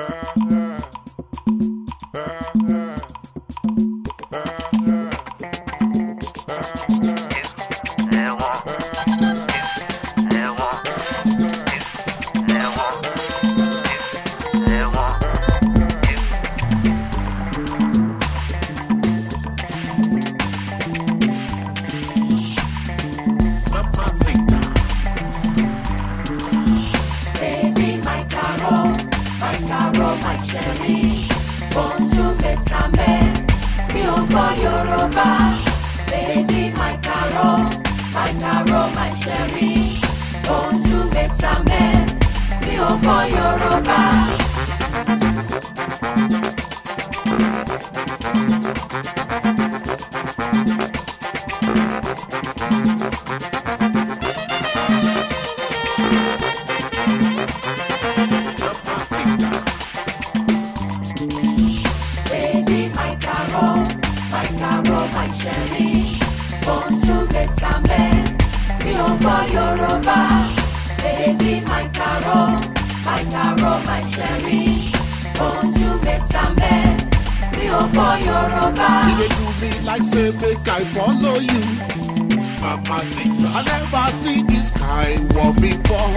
Yeah. uh. ṣẹ̀rí ojú fẹsàmẹ́ mi ò gbọ́ Yorùbá baby my caro my caro my ṣẹ̀rí ojú fẹsàmẹ́ mi ò gbọ́ Yorùbá. thank you tèmi Portuguese amen mi ò gbọ́ Yorùbá baby my caro my caro my cherry Portuguese amen mi ò gbọ́ Yorùbá. You dey do me like say make I follow you. Mama, see, I never see this kind war before.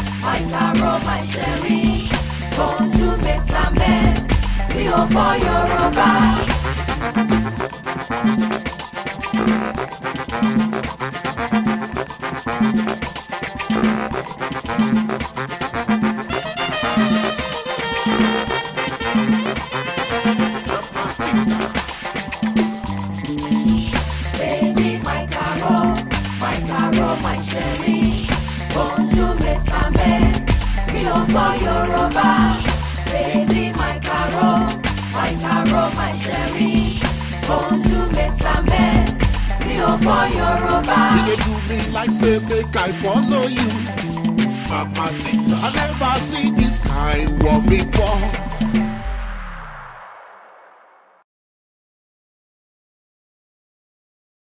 sherry, máa ṣe rí ojú mi sàmẹ́ mi ò mọ yorùbá. Baby, my taro, my taro, my sherry. Yoruba, baby my caro, my caro, my sherry. Bonju mesame, mi ò gbọ́ Yoruba. You dey do me like say make I follow you. Mama Zita, I never see this kind one before.